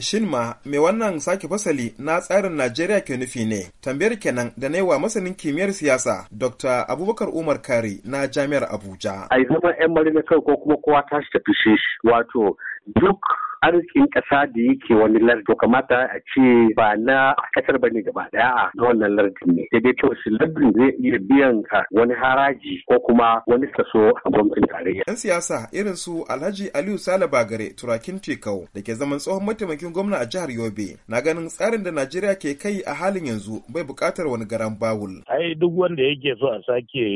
Shin ma me wannan sake fasali na tsarin Najeriya ke nufi ne? Tambayar kenan da na yi wa masanin kimiyyar siyasa Dr. Abubakar Umar Kari na Jami'ar Abuja. Ai zama 'yan marina kai ko kuma kowa tashi tafi shi wato duk arzikin ƙasa da yake wani lardo kamata a ce ba na ƙasar bane gaba daya na wannan lardin ne daidai cewa shi lardin zai iya biyan ka wani haraji ko kuma wani kaso a gwamnatin tarayya. Yan siyasa irin su Alhaji Aliyu Sale Bagare Turakin Tekau da ke zaman tsohon mataimakin gwamna a jihar Yobe na ganin tsarin da Najeriya ke kai a halin yanzu bai buƙatar wani garan bawul. Ai duk wanda yake so a sake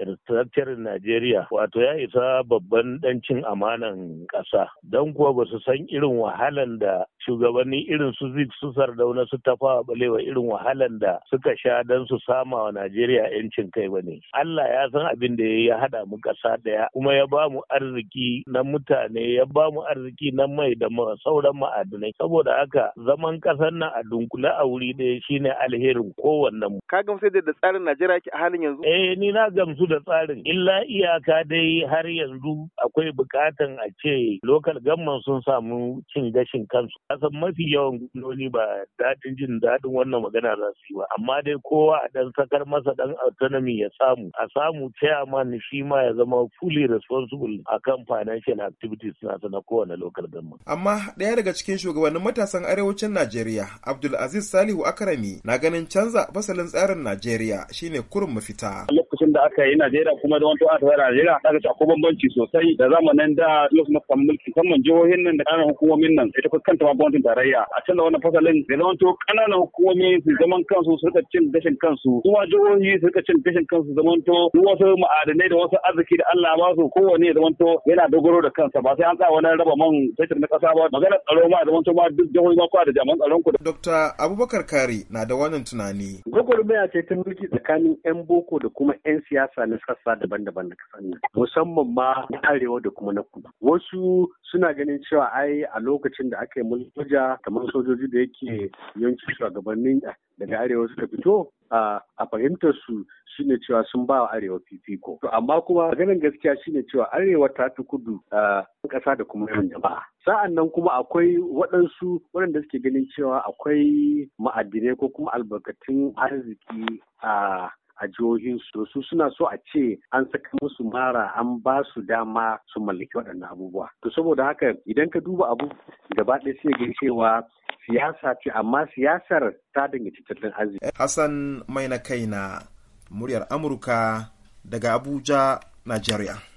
restructuring Najeriya wato ya isa babban dancin amanan ƙasa don kuwa ba su san san irin wahalan da shugabanni irin su zik su sardauna su wa balewa irin wahalan da suka sha don su sama wa Najeriya yancin kai ba ne. Allah ya san abin da ya haɗa mu ƙasa ɗaya kuma ya ba mu arziki na mutane ya ba mu arziki na mai da sauran ma'adinai saboda haka zaman ƙasar nan a dunkule a wuri ɗaya shine alherin kowanne mu. Ka gamsu da tsarin Najeriya ke a halin yanzu? Eh ni na gamsu da tsarin illa iyaka dai har yanzu akwai bukatan a ce lokal gamman sun samu samu cin gashin kansu kasan mafi yawan gudunoni ba daɗin jin daɗin wannan magana za su yi ba amma dai kowa a ɗan sakar masa ɗan autonomy ya samu a samu chairman shi ma ya zama fully responsible akan financial activities nasa na kowane local government amma ɗaya daga cikin shugabannin matasan arewacin Najeriya Abdul Aziz Salihu Akarami na ganin canza fasalin tsarin Najeriya shine kurin mafita da aka yi Najeriya kuma da wani aka fara Najeriya aka ci ko bambanci sosai da zamanin da lokacin da mulki musamman jihohin nan da ƙananan hukumomin nan ita kuka kanta ma gwamnatin tarayya a can da wannan fasalin da zama to ƙananan hukumomi su zaman kansu su rika cin gashin kansu kuma jihohi su rika cin gashin kansu zaman to wasu ma'adanai da wasu arziki da Allah ba su kowane ya zaman to yana dogaro da kansa ba sai an sa wani raba man fetur na ƙasa ba magana tsaro ma zaman to ma duk jihohi ba kwa da jaman tsaron ku. Dr. Abubakar Kari na da wannan tunani. Gwagwarmaya ce ta mulki tsakanin 'yan boko da kuma 'yan siyasa na sassa daban-daban na kasar nan musamman ma na arewa da kuma na kudu wasu suna ganin cewa ai a lokacin da aka yi mulkin kamar sojoji da yake yanki shugabannin daga arewa suka fito a fahimtar su shine cewa sun ba wa arewa fifiko to amma kuma ganin gaskiya shine cewa arewa ta fi kudu a ƙasa da kuma yawan jama'a sa'an nan kuma akwai waɗansu waɗanda suke ganin cewa akwai ma'adinai ko kuma albarkatun arziki a a jihohinsu su suna so a ce an saka musu mara an ba su dama su mallaki waɗannan abubuwa to saboda haka idan ka duba abu gaba ɗaya sai ga cewa siyasa ce amma siyasar ta danganci tattalin arziki Hassan mai na kaina muryar Amurka daga Abuja Najeriya